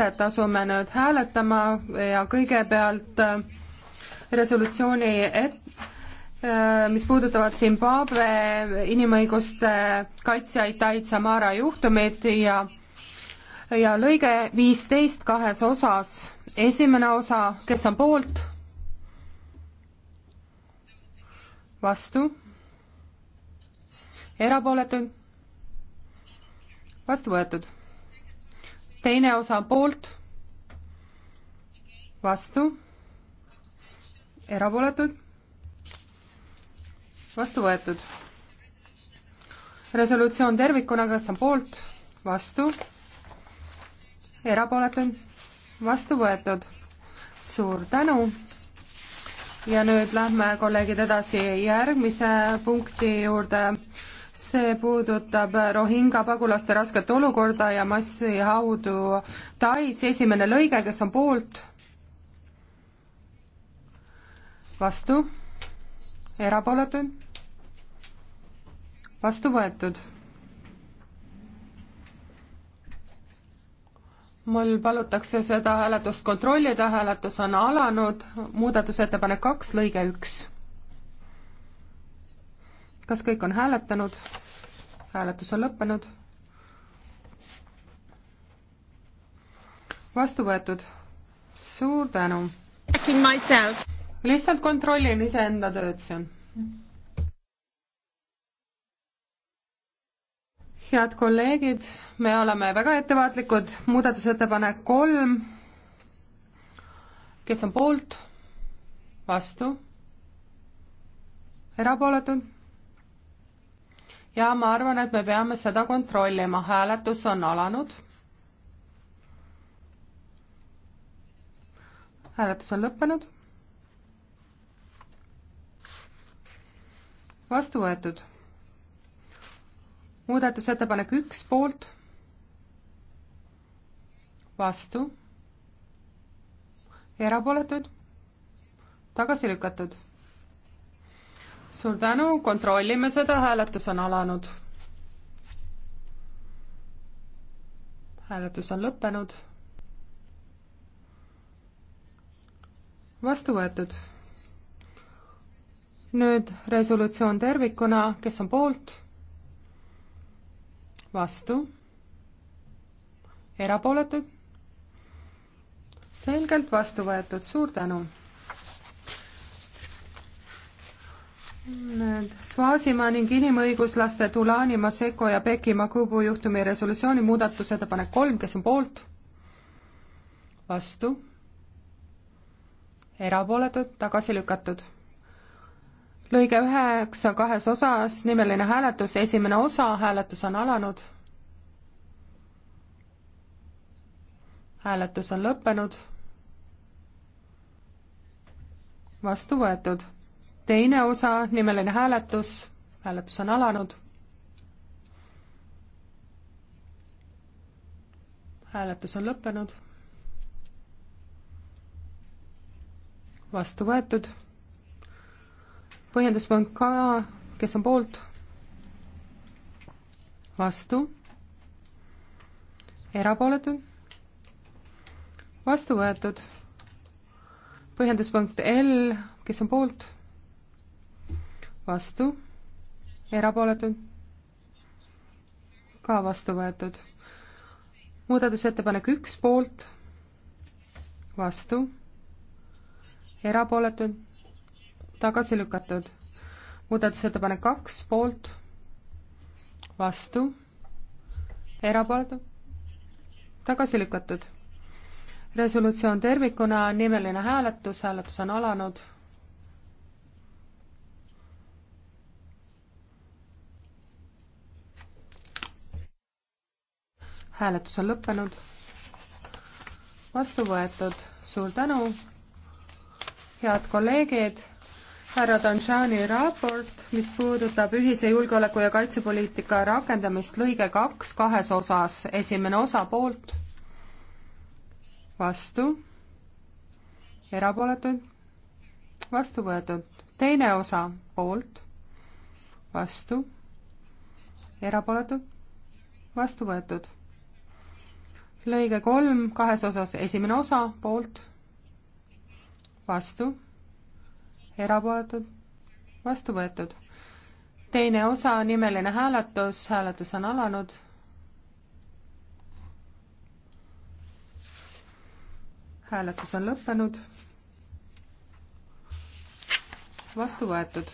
mõtet asume nüüd hääletama ja kõigepealt äh, resolutsiooni et-, äh, mis puudutavad Zimbabwe inimõiguste kaitsjaid Ait Samara juhtumit ja ja lõige viisteist kahes osas, esimene osa, kes on poolt? vastu? erapooletuid? vastu võetud teine osa poolt, vastu, erapooletud, vastu võetud. resolutsioon tervikuna, kas on poolt, vastu, erapooletud, vastu võetud. suur tänu ja nüüd lähme, kolleegid, edasi järgmise punkti juurde see puudutab Rohinga pagulaste rasket olukorda ja massihaudu Tais, esimene lõige, kes on poolt? vastu? erapooletud? vastu võetud. mul palutakse seda hääletust kontrollida, hääletus on alanud, muudatusettepanek kaks, lõige üks kas kõik on hääletanud? hääletus on lõppenud. vastu võetud. suur tänu. lihtsalt kontrollin iseenda tööd siin. head kolleegid, me oleme väga ettevaatlikud, muudatusettepanek kolm. kes on poolt? vastu? erapooletud? ja ma arvan, et me peame seda kontrollima, hääletus on alanud. hääletus on lõppenud. vastu võetud. muudatusettepanek üks poolt, vastu, erapooletud, tagasi lükatud suur tänu, kontrollime seda, hääletus on alanud. hääletus on lõppenud. vastu võetud. nüüd resolutsioon tervikuna, kes on poolt? vastu? erapooletud? selgelt vastu võetud, suur tänu Nüüd Svaasimaa ning inimõiguslaste Tulani Maseko ja Beki Makubu juhtumi resolutsiooni muudatusettepanek kolm, kes on poolt? vastu? erapooletud, tagasi lükatud. lõige üheksa kahes osas, nimeline hääletus, esimene osa, hääletus on alanud. hääletus on lõppenud. vastu võetud teine osa, nimeline hääletus, hääletus on alanud. hääletus on lõppenud. vastu võetud. põhjenduspunkt ka, kes on poolt? vastu. erapooletud. vastu võetud. põhjenduspunkt L, kes on poolt? vastu, erapooletud, ka vastu võetud. muudatusettepanek üks poolt, vastu, erapooletud, tagasi lükatud. muudatusettepanek kaks poolt, vastu, erapooletud, tagasi lükatud resolutsioon tervikuna, nimeline hääletus, hääletus on alanud hääletus on lõppenud. vastu võetud, suur tänu. head kolleegid, härra Danjani raport, mis puudutab ühise julgeoleku ja kaitsepoliitika rakendamist, lõige kaks kahes osas, esimene osa poolt, vastu, erapooletud, vastu võetud, teine osa poolt, vastu, erapooletud, vastu võetud lõige kolm kahes osas, esimene osa poolt, vastu, erapooletud, vastu võetud. teine osa, nimeline hääletus, hääletus on alanud. hääletus on lõppenud. vastu võetud.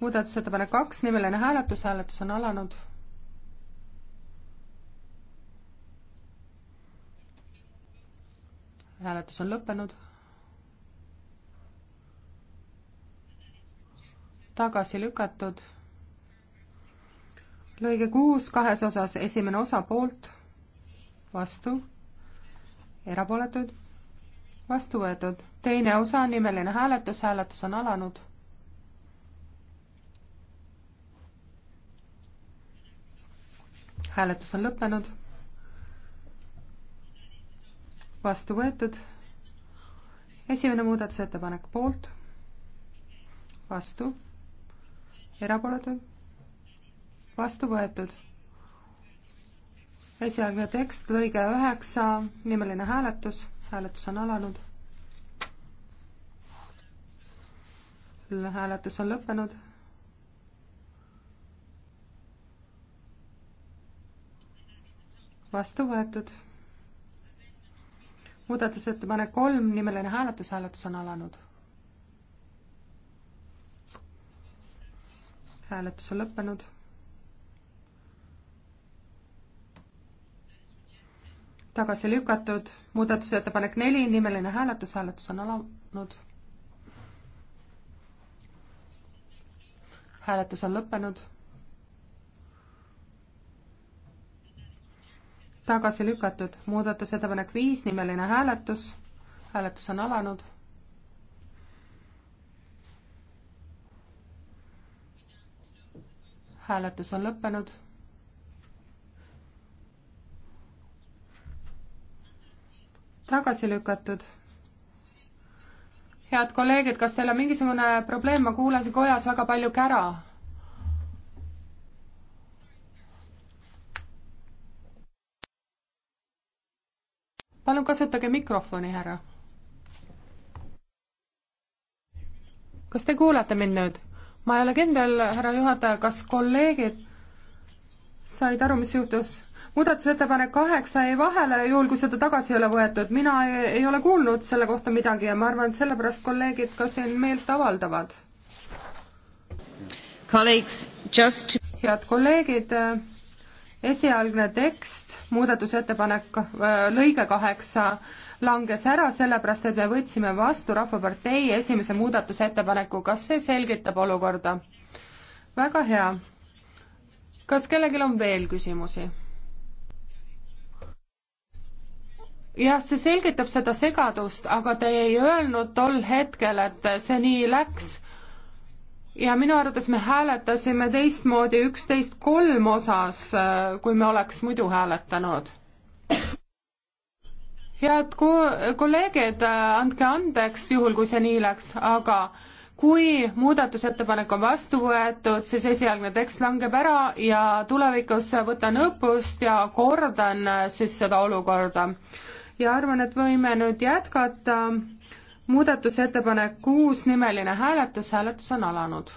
muudatusettepanek kaks, nimeline hääletus, hääletus on alanud hääletus on lõppenud. tagasi lükatud. lõige kuus kahes osas, esimene osa poolt, vastu, erapooletud, vastu võetud. teine osa, nimeline hääletus, hääletus on alanud. hääletus on lõppenud vastu võetud. esimene muudatusettepanek poolt, vastu, erapooletud, vastu võetud. esialgne tekst, lõige üheksa, nimeline hääletus, hääletus on alanud. hääletus on lõppenud vastu võetud muudatusettepanek kolm, nimeline hääletus, hääletus on alanud. hääletus on lõppenud. tagasi lükatud, muudatusettepanek neli, nimeline hääletus, hääletus on alanud. hääletus on lõppenud tagasi lükatud. muudatusettepanek viis, nimeline hääletus. hääletus on alanud. hääletus on lõppenud. tagasi lükatud. head kolleegid, kas teil on mingisugune probleem, ma kuulan siin kojas väga palju kära palun kasutage mikrofoni, härra. kas te kuulate mind nüüd? ma ei ole kindel, härra juhataja, kas kolleegid said aru, mis juhtus? muudatusettepanek kaheksa jäi vahele, juhul kui seda tagasi ei ole võetud. mina ei, ei ole kuulnud selle kohta midagi ja ma arvan, et sellepärast kolleegid ka siin meelt avaldavad. head kolleegid esialgne tekst, muudatusettepanek äh, lõige kaheksa langes ära, sellepärast et me võtsime vastu Rahvapartei esimese muudatusettepaneku, kas see selgitab olukorda? väga hea. kas kellelgi on veel küsimusi? jah, see selgitab seda segadust, aga te ei öelnud tol hetkel, et see nii läks ja minu arvates me hääletasime teistmoodi üksteist kolm osas, kui me oleks muidu hääletanud. head ko-, kolleegid, andke andeks, juhul kui see nii läks, aga kui muudatusettepanek on vastu võetud, siis esialgne tekst langeb ära ja tulevikus võtan õppust ja kordan siis seda olukorda. ja arvan, et võime nüüd jätkata muudatusettepanek kuus, nimeline hääletus, hääletus on alanud.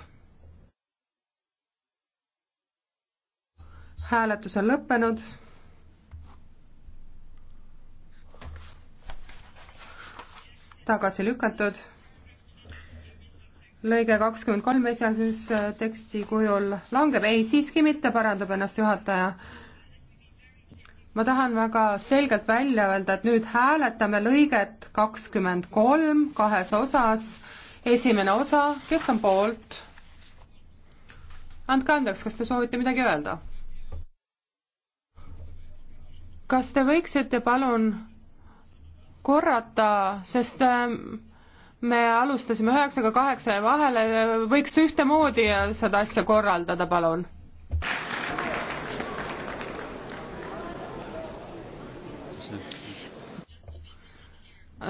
hääletus on lõppenud. tagasi lükatud. lõige kakskümmend kolm esialgses teksti kujul langeb, ei siiski mitte, parandab ennast juhataja ma tahan väga selgelt välja öelda, et nüüd hääletame lõiget kakskümmend kolm kahes osas. esimene osa, kes on poolt? andke andeks, kas te soovite midagi öelda? kas te võiksite palun korrata, sest ähm, me alustasime üheksaga kaheksa ja vahele, võiks ühtemoodi seda asja korraldada, palun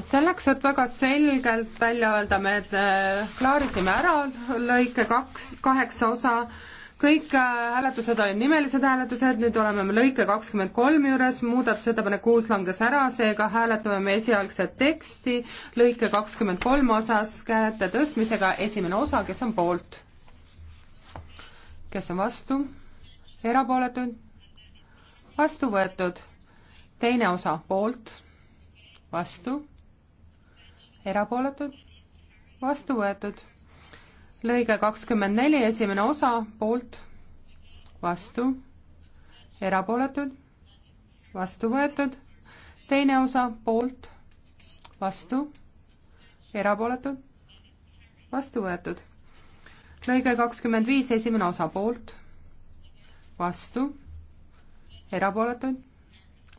selleks, et väga selgelt välja öelda, me äh, klaarisime ära lõike kaks, kaheksa osa, kõik äh, hääletused olid nimelised hääletused, nüüd oleme me lõike kakskümmend kolm juures, muudatusettepanek kuus langes ära, seega hääletame me esialgset teksti lõike kakskümmend kolm osas käete tõstmisega, esimene osa, kes on poolt? kes on vastu? erapooletud? vastu võetud. teine osa poolt? vastu erapooletud, vastu võetud. lõige kakskümmend neli, esimene osa, poolt, vastu, erapooletud, vastu võetud, teine osa, poolt, vastu, erapooletud, vastu võetud. lõige kakskümmend viis, esimene osa, poolt, vastu, erapooletud,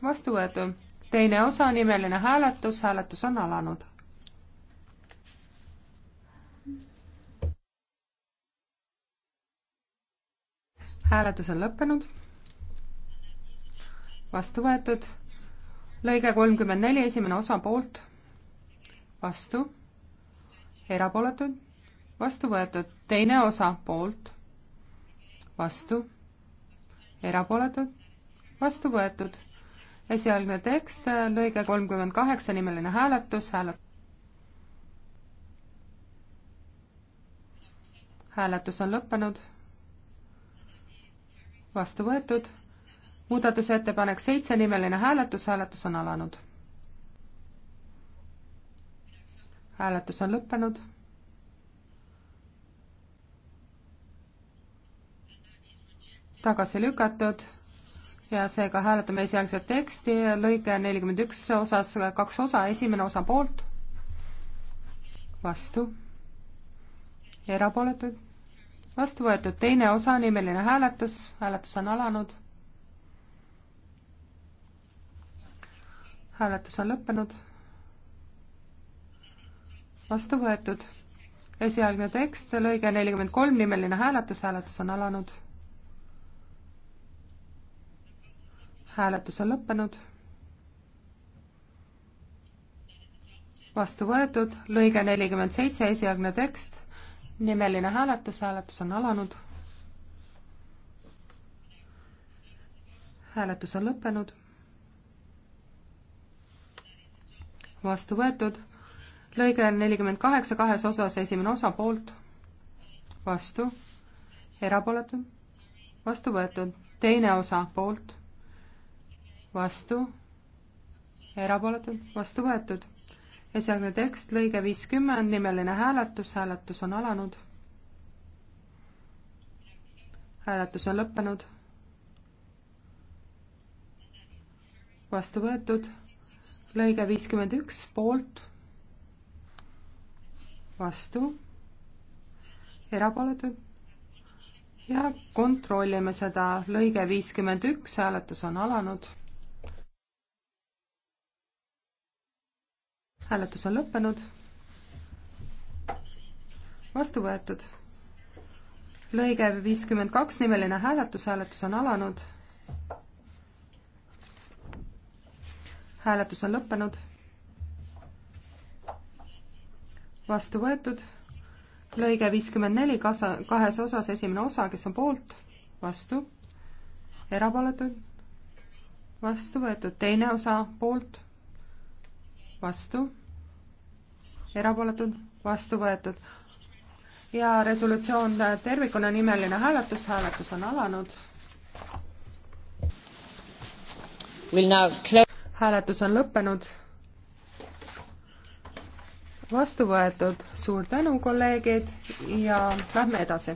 vastu võetud. teine osa, nimeline hääletus, hääletus on alanud. hääletus on lõppenud. vastu võetud. lõige kolmkümmend neli, esimene osa poolt, vastu, erapooletud, vastu võetud, teine osa poolt, vastu, erapooletud, vastu võetud. esialgne tekst, lõige kolmkümmend kaheksa, nimeline hääletus, hääletus. hääletus on lõppenud vastu võetud. muudatusettepanek seitse, nimeline hääletus, hääletus on alanud. hääletus on lõppenud. tagasi lükatud ja seega hääletame esialgset teksti, lõige nelikümmend üks osas kaks osa, esimene osa poolt, vastu, erapooletuid vastu võetud teine osa, nimeline hääletus, hääletus on alanud. hääletus on lõppenud. vastu võetud. esialgne tekst, lõige nelikümmend kolm, nimeline hääletus, hääletus on alanud. hääletus on lõppenud. vastu võetud, lõige nelikümmend seitse, esialgne tekst, nimeline hääletus, hääletus on alanud. hääletus on lõppenud. vastu võetud. lõige nelikümmend kaheksa kahes osas, esimene osa poolt, vastu, erapooletu, vastu võetud, teine osa poolt, vastu, erapooletu, vastu võetud esialgne tekst, lõige viiskümmend, nimeline hääletus, hääletus on alanud. hääletus on lõppenud. vastu võetud, lõige viiskümmend üks, poolt, vastu, erapooletud ja kontrollime seda, lõige viiskümmend üks, hääletus on alanud hääletus on lõppenud. vastu võetud. lõige viiskümmend kaks, nimeline hääletus, hääletus on alanud. hääletus on lõppenud. vastu võetud. lõige viiskümmend neli, kasa, kahes osas, esimene osa, kes on poolt, vastu, erapooletuid, vastu võetud, teine osa poolt, vastu erapooletud, vastu võetud. ja resolutsioon tervikuna nimeline hääletus, hääletus on alanud. hääletus on lõppenud. vastu võetud, suur tänu, kolleegid, ja lähme edasi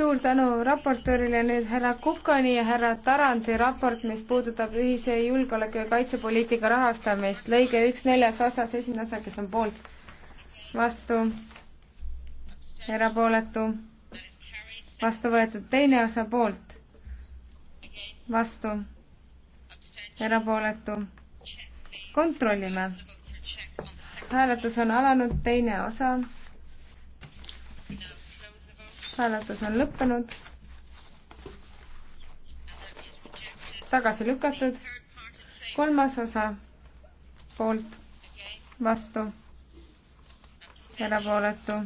suur tänu raportöörile, nüüd härra Kukani ja härra Tarandi raport, mis puudutab ühise julgeoleku ja kaitsepoliitika rahastamist, lõige üks neljas osas, esimene osa, kes on poolt, vastu, erapooletu, vastu võetud, teine osa poolt, vastu, erapooletu, kontrollime. hääletus on alanud, teine osa hääletus on lõppenud. tagasi lükatud. kolmas osa poolt, vastu, erapooletu,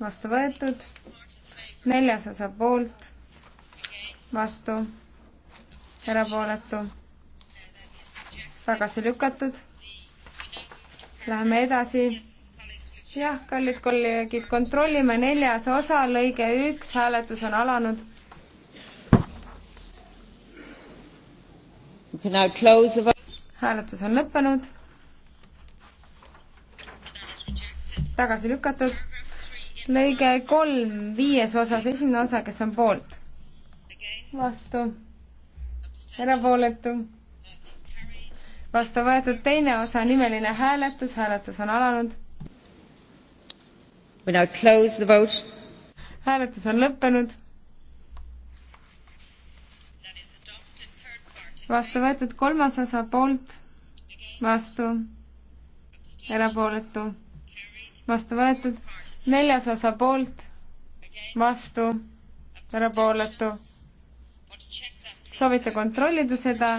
vastu võetud. neljas osa poolt, vastu, erapooletu, tagasi lükatud. Läheme edasi jah, kallid kolleegid, kontrollime neljas osa, lõige üks, hääletus on alanud. hääletus on lõppenud. tagasi lükatud. lõige kolm, viies osas, esimene osa, kes on poolt? vastu. erapooletu vastu võetud teine osa nimeline hääletus, hääletus on alanud. We now close the vote. hääletus on lõppenud. vastu võetud kolmas osa poolt, vastu, erapooletu, vastu võetud neljas osa poolt, vastu, erapooletu. soovite kontrollida seda?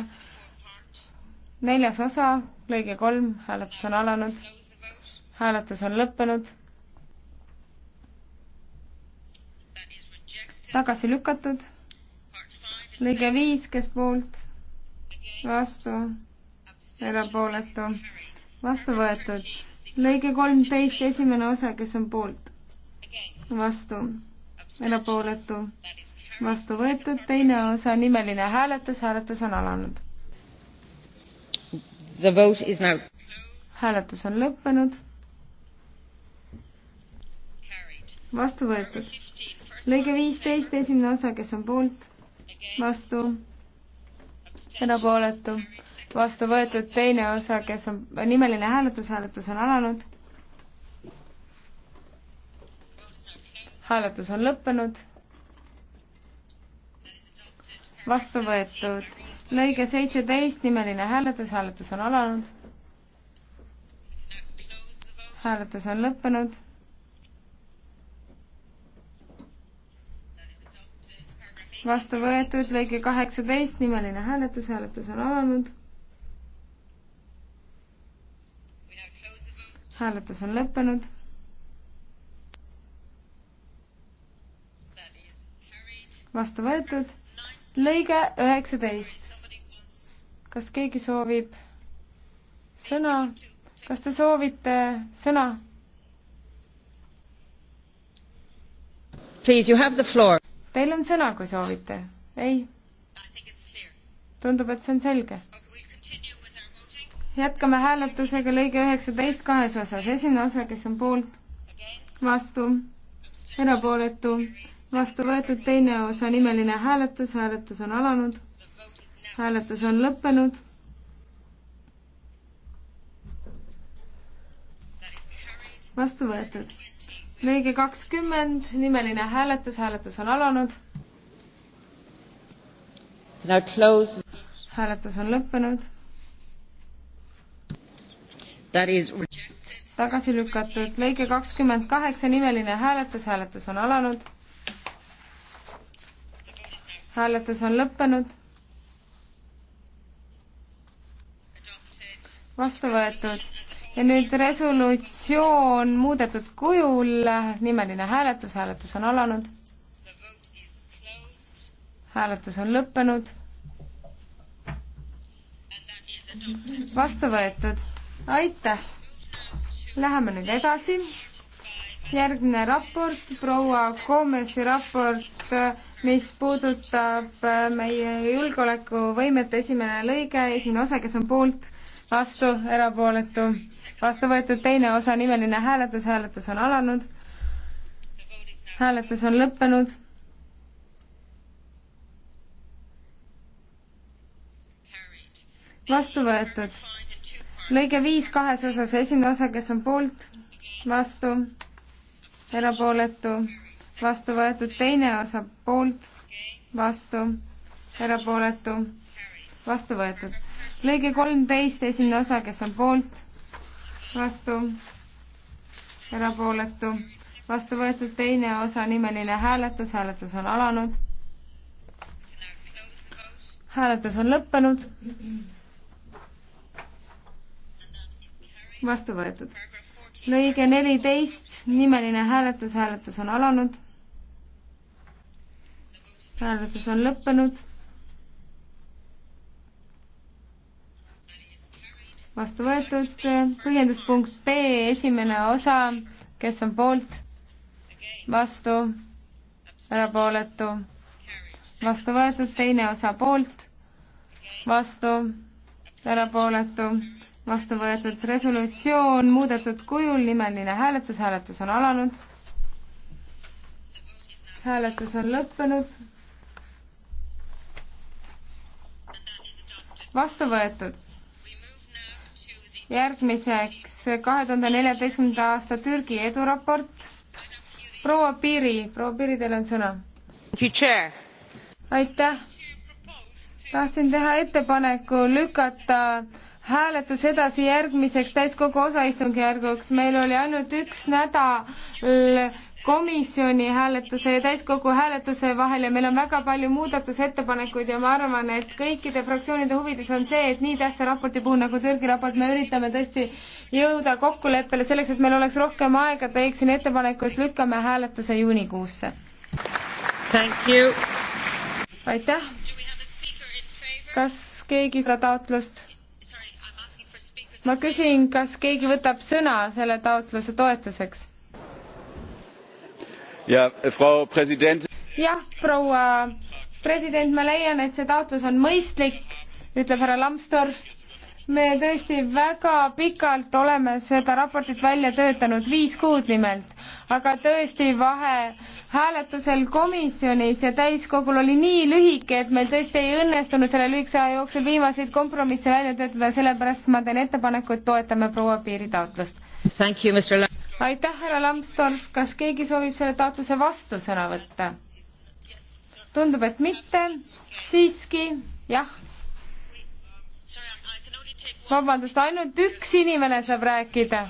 neljas osa, lõige kolm, hääletus on alanud, hääletus on lõppenud tagasi lükatud. lõige viis, kes poolt, vastu, erapooletu, vastu võetud. lõige kolmteist, esimene osa, kes on poolt, vastu, erapooletu, vastu võetud, teine osa, nimeline hääletus, hääletus on alanud. The vote is now. hääletus on lõppenud. vastu võetud lõige viisteist, esimene osa, kes on poolt, vastu, erapooletu, vastu võetud, teine osa, kes on, nimeline hääletus, hääletus on alanud. hääletus on lõppenud. vastu võetud, lõige seitseteist, nimeline hääletus, hääletus on alanud. hääletus on lõppenud vastu võetud, lõige kaheksateist, nimeline hääletus, hääletus on alanud. hääletus on lõppenud. vastu võetud, lõige üheksateist. kas keegi soovib sõna? kas te soovite sõna? Please, you have the floor Teil on sõna, kui soovite. ei? tundub, et see on selge. jätkame hääletusega lõige üheksateist kahes osas. esimene osa, kes on poolt, vastu, erapooletu, vastu võetud, teine osa nimeline hääletus, hääletus on alanud, hääletus on lõppenud. vastu võetud lõige kakskümmend, nimeline hääletus, hääletus on alanud. hääletus on lõppenud. tagasi lükatud, lõige kakskümmend kaheksa, nimeline hääletus, hääletus on alanud. hääletus on lõppenud. vastu võetud ja nüüd resolutsioon muudetud kujul, nimeline hääletus, hääletus on alanud. hääletus on lõppenud. vastu võetud, aitäh. Läheme nüüd edasi. järgmine raport, proua Koomesi raport, mis puudutab meie julgeolekuvõimet, esimene lõige, esimene osa, kes on poolt vastu, erapooletu, vastu võetud teine osa, nimeline hääletus, hääletus on alanud, hääletus on lõppenud, vastu võetud. lõige viis kahes osas, esimene osa, kes on poolt, vastu, erapooletu, vastu võetud, teine osa poolt, vastu, erapooletu, vastu võetud lõige kolmteist, esimene osa, kes on poolt, vastu, erapooletu, vastu võetud teine osa, nimeline hääletus, hääletus on alanud. hääletus on lõppenud. vastu võetud. lõige neliteist, nimeline hääletus, hääletus on alanud. hääletus on lõppenud vastu võetud, põhjenduspunkt B, esimene osa, kes on poolt, vastu, erapooletu, vastu võetud, teine osa poolt, vastu, erapooletu, vastu võetud resolutsioon muudetud kujul, nimeline hääletus, hääletus on alanud. hääletus on lõppenud. vastu võetud järgmiseks kahe tuhande neljateistkümnenda aasta Türgi eduraport. proua Piiri, proua Piiri, teil on sõna. aitäh. tahtsin teha ettepaneku lükata hääletus edasi järgmiseks täiskogu osaistungjärguks. meil oli ainult üks nädal komisjoni hääletuse ja täiskogu hääletuse vahel ja meil on väga palju muudatusettepanekuid ja ma arvan, et kõikide fraktsioonide huvides on see, et nii tähtsa raporti puhul nagu Türgi raport me üritame tõesti jõuda kokkuleppele selleks, et meil oleks rohkem aega, teeksin ettepaneku, et lükkame hääletuse juunikuusse. aitäh. kas keegi seda taotlust? ma küsin, kas keegi võtab sõna selle taotluse toetuseks? jah, äh, proua president, ma leian, et see taotlus on mõistlik, ütleb härra Lambsdorff. me tõesti väga pikalt oleme seda raportit välja töötanud, viis kuud nimelt, aga tõesti vahe hääletusel komisjonis ja täiskogul oli nii lühike, et meil tõesti ei õnnestunud selle lühikese aja jooksul viimaseid kompromisse välja töötada, sellepärast ma teen ettepaneku, et toetame proua Piiri taotlust aitäh, härra Lambsdorff, kas keegi soovib selle taotluse vastu sõna võtta? tundub, et mitte, siiski jah. vabandust, ainult üks inimene saab rääkida.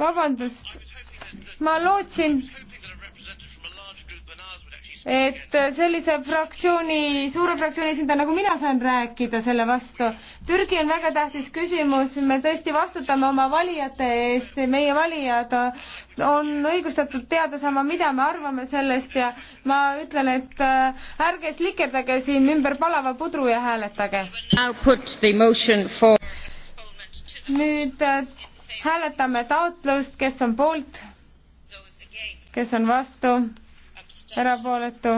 vabandust, ma lootsin, et sellise fraktsiooni, suure fraktsiooni esindaja nagu mina saan rääkida selle vastu Türgi on väga tähtis küsimus, me tõesti vastutame oma valijate eest, meie valijad on õigustatud teada saama, mida me arvame sellest ja ma ütlen, et äh, ärge slikerdage siin ümber palava pudru ja hääletage. For... nüüd äh, hääletame taotlust, kes on poolt, kes on vastu, erapooletu,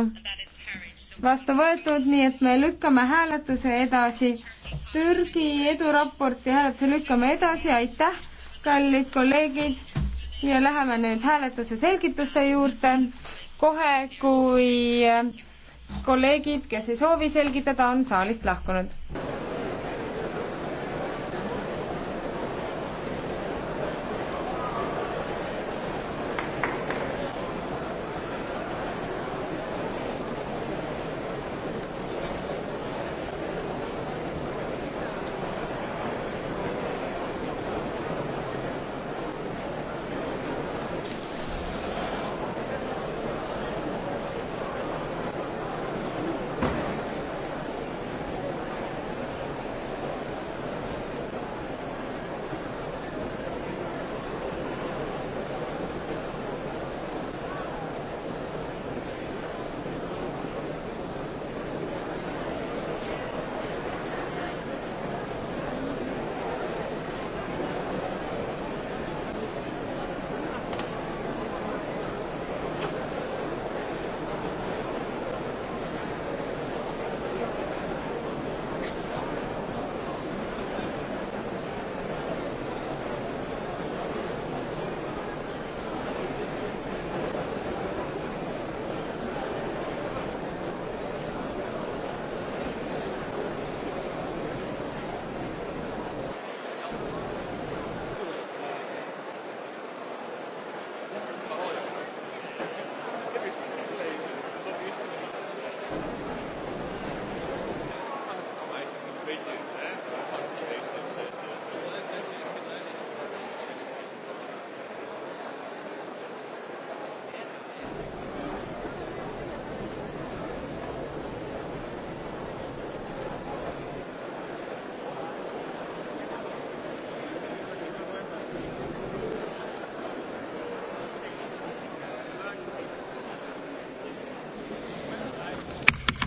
vastu võetud, nii et me lükkame hääletuse edasi Türgi eduraporti hääletuse lükkame edasi, aitäh, kallid kolleegid ja läheme nüüd hääletuse selgituste juurde. kohe, kui kolleegid, kes ei soovi selgitada, on saalist lahkunud